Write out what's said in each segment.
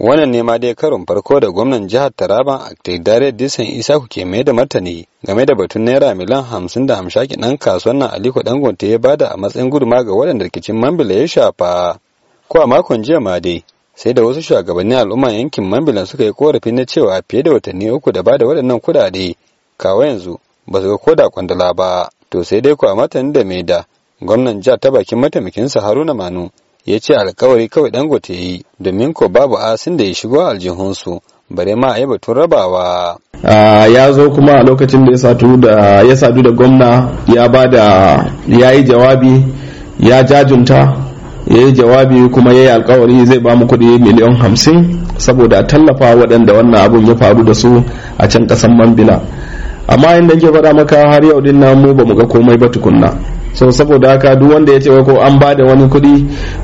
wannan ne ma dai karon farko da gwamnan jihar taraba dare disan ku ke mai da martani game da batun naira miliyan hamsin da hamshaki dan kasuwan nan aliko dangote ya bada a matsayin guduma ga waɗanda rikicin mambila ya shafa ko a makon jiya ma dai sai da wasu shugabannin al'umma yankin mambilan suka yi korafi na cewa fiye da watanni uku da bada waɗannan kuɗaɗe kawo yanzu ba su ga koda kwandala ba to sai dai ko a martani da mai da gwamnan jihar ta bakin sa haruna manu ya ce alkawari kawai dango ta yi domin ko babu asin da ya shigo aljihunsu bare ma a yi batun rabawa. ya zo kuma a lokacin da ya sadu da gwamna ya ba da ya yi jawabi ya jajunta ya yi jawabi kuma ya yi alkawari zai ba mu kuɗi miliyan hamsin saboda tallafa waɗanda wannan abun ya faru da su a can ƙasar mambila amma inda ke faɗa maka har yau din nan mu ba mu ga komai ba tukunna so saboda haka duk wanda ya ce wai ko an ba da wani kuɗi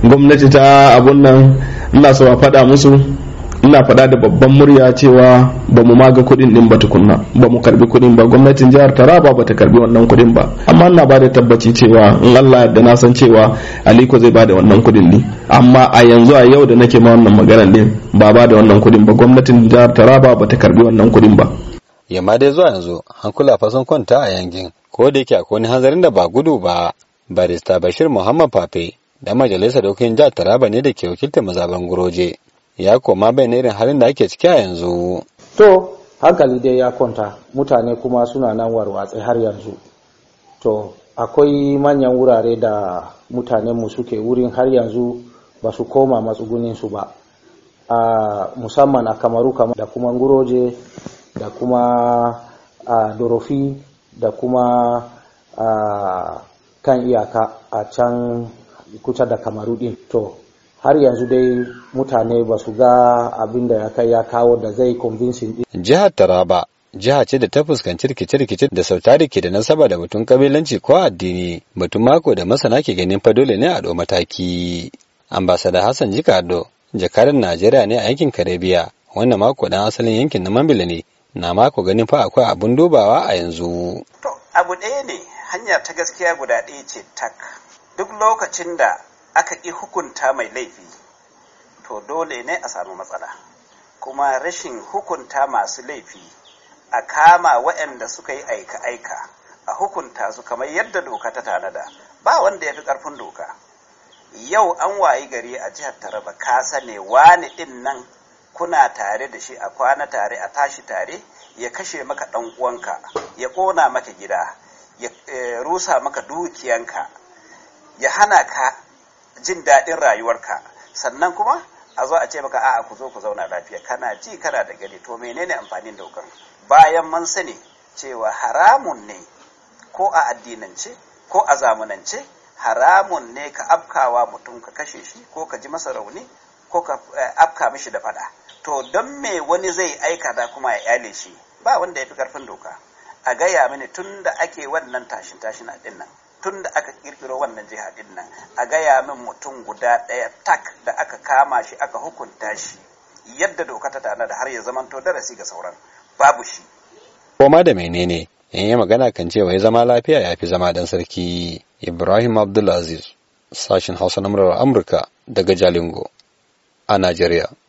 gwamnati ta abun nan ina so a faɗa musu ina faɗa da babban murya cewa ba mu maga kudin din ba tukunna ba mu karbi kuɗi ba gwamnatin jihar taraba ba ta karbi wannan kuɗin ba amma ina ba da tabbaci cewa in allah yadda na san cewa aliko zai ba da wannan kuɗin din amma a yanzu a yau da nake ma wannan magana din ba ba da wannan kuɗin ba gwamnatin jihar taraba ba ta karbi wannan kuɗin ba yamma dai zuwa yanzu hankula fa sun kwanta a yankin ko da yake akwai wani hanzarin da ba gudu ba barista bashir muhammad fafe da majalisar dokokin jihar taraba ne da ke wakiltar mazaban guroje ya koma bai na irin halin da ake ciki a yanzu to hankali dai ya kwanta mutane kuma suna nan warwatse har yanzu to akwai manyan wurare da mutanen mu suke wurin har yanzu ba su koma su ba a musamman a kamaru da kuma guroje da kuma a dorofi da kuma kan iyaka a can kusa da kamaru din to har yanzu dai mutane ba su ga abin da ya kai ya kawo da zai convincing din jihar taraba jiha ce da ta fuskanci rikice-rikice da sauta rike da nasaba da batun kabilanci ko addini batun mako da masana ke ganin fa dole ne a ɗau mataki ambasada hassan jikado jakarin najeriya ne a yankin Karabiya, wannan mako dan asalin yankin na mambila ne na mako ganin fa akwai abin dubawa a yanzu. To abu ɗaya ne hanya ta gaskiya guda ɗaya ce tak duk lokacin da aka ƙi hukunta mai laifi to dole ne a samu matsala kuma rashin hukunta masu laifi a kama waɗanda suka yi aika-aika a hukunta su kamar yadda doka ta tanada ba wanda ya fi ƙarfin doka yau an wayi gari a jihar taraba ka sane wani ɗin nan kuna tare da shi a kwana tare a tashi tare ya kashe maka ɗan uwanka ya kona maka gida ya e, rusa maka dukiyanka ya hana ka jin daɗin rayuwarka sannan kuma a zo a ce maka a'a ku zo ku zauna lafiya kana ji kana da gani to menene amfanin dokan bayan man sani cewa haramun ne ko a addinance ko a zamanance haramun ne ka afkawa mutum ka kashe shi ko ka ji masa rauni ko ka e, afka mishi da fada to don me wani zai aika aikata kuma ya yale shi ba wanda ya fi karfin doka a gaya mini tun da ake wannan tashin tashin a dinnan tun da aka kirkiro wannan jiha dinnan a gaya min mutum guda ɗaya tak da aka kama shi aka hukunta shi yadda doka ta tana da har ya zamanto darasi ga sauran babu shi koma da menene in yi magana kan cewa ya zama lafiya ya fi zama dan sarki ibrahim abdulaziz sashin hausa na murar amurka daga jalingo a najeriya